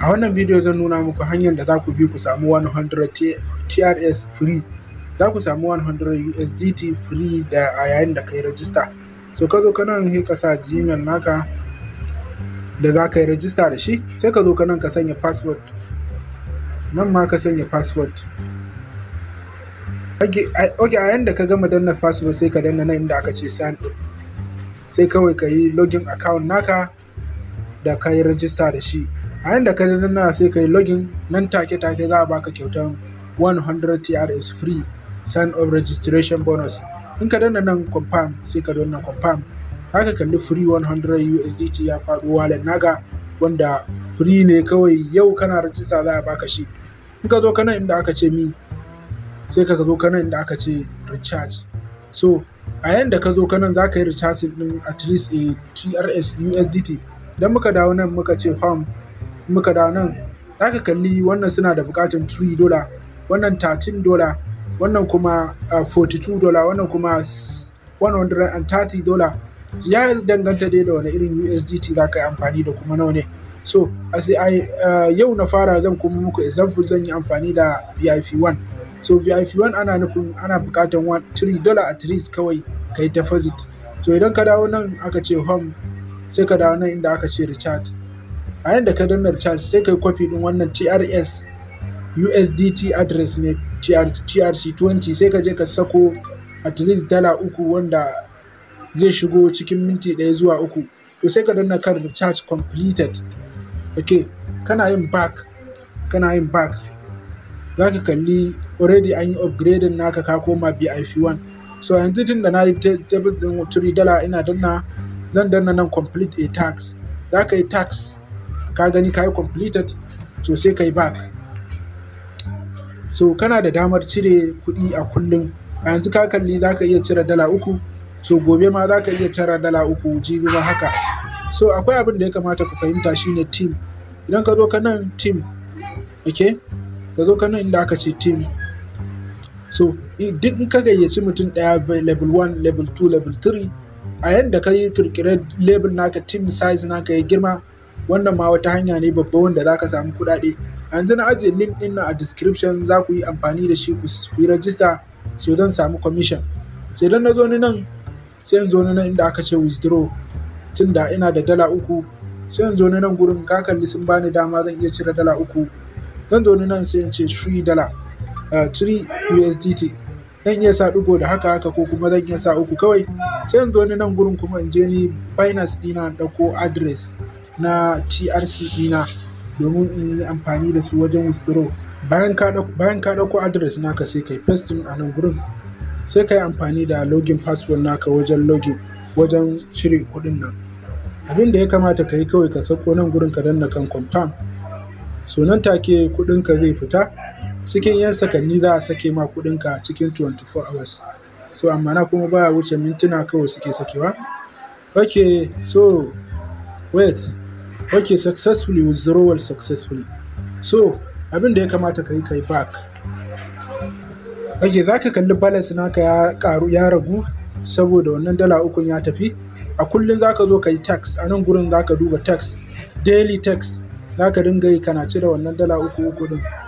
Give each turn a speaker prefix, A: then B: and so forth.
A: A wannan bidiyo zan nuna muku hanyar da za ku bi ku samu 100 TRS free. Za ku samu 100 USDT free da a yayin da ka yi rajista. So ka zo kanan sai ka sa Gmail naka da za ka yi rajista da shi, sai ka zo kanan ka sanya password. Nan ma ka sanya password. Ok, a yayin da ka gama danna password sai ka danna nan inda aka ce sign in. Sai kawai ka yi login account naka da ka yi rajista da shi. a yanda ka danna sai ka yi login nan take take za a baka kyautan 100 TRS free sign up registration bonus in ka danna nan confirm sai ka danna confirm haka kalli free 100 USDT ya faru wallet naga wanda free ne kawai yau kana rajista za a baka shi in ka zo kana inda aka ce mi sai ka zo kana inda aka ce recharge so a yanda ka zo kana za ka yi recharge din at least a TRS USDT idan muka dawo nan muka ce home muka da nan za ka kalli wannan suna da buƙatar 3 dola wannan 13 dola wannan kuma 42 ah, dola wannan kuma 130 dola ya danganta dai da wani irin USDT za ka yi amfani da kuma nau ne so a sai ah, yau na fara zan kuma muku example zan yi amfani da VIP1 so VIP1 ana nufin ana buƙatar 3 dola at least kawai ka yi deposit so idan ka dawo nan aka ce home sai ka dawo nan inda aka ce recharge a yanda ka danna charge sai ka yi copy din wannan TRS USDT address ne TRC20 sai ka je ka sako at least dala uku wanda zai shigo cikin minti ɗaya zuwa uku to sai ka danna kar charge completed ok kana yin back kana yin back za ka kalli already an yi upgrading naka ka koma bif 1 so yanzu tun da na yi table din 3 dala ina danna zan danna nan complete a tax za ka yi tax ka gani ka yi completed so sai ka yi back so kana da damar cire kuɗi a kullum a yanzu ka kalli za ka iya cire dala uku so gobe ma za ka iya cire dala uku jibi ma haka so akwai abin da ya kamata ku fahimta shi ne team idan ka zo ka nan team ok ka zo ka nan inda aka ce team so duk in ka gayyaci mutum ɗaya level 1 level 2 level 3 a yadda ka yi kirkirar level naka team size naka ya girma wannan ma wata hanya ne babba wanda za ka samu kuɗaɗe yanzu na ajiye link ɗin nan a description za ku yi amfani da shi ku yi rajista so don samu commission sai don na zo ni nan sai in zo ni nan inda aka ce withdraw tun da ina da dala uku sai in zo ni nan gurin ka kalli sun bani dama zan iya cire dala uku zan zo ni nan sai in ce 3 dala 3 eh, USDT zan iya sa ɗigo da haka haka ko kuma zan iya sa uku kawai sai in zo ni nan gurin kuma in je ni Binance ɗina in ɗauko address na TRC ɗina domin in yi amfani da su wajen withdraw. Bayan ka ɗauko address naka sai kai yi pasting a nan gurin, sai ka amfani da login password naka wajen login wajen cire kuɗin nan. Abin da ya kamata ka yi kawai ka sauko nan gurin ka danna kan confirm. So nan take ka zai fita, cikin 'yan sakanni za a sake ma ka cikin 24 hours. So amma na kuma baya wuce mintuna kawai suke sakewa. Okay, so wait. ok successfully withdrawal successfully so abin da ya kamata ka yi ka yi back ok za ka kalli balance naka ya karu ya ragu saboda wannan dala ukun ya tafi a kullum za ka zo ka yi tax a nan gurin za ka duba tax daily tax za ka dinga yi kana cire wannan dala uku uku din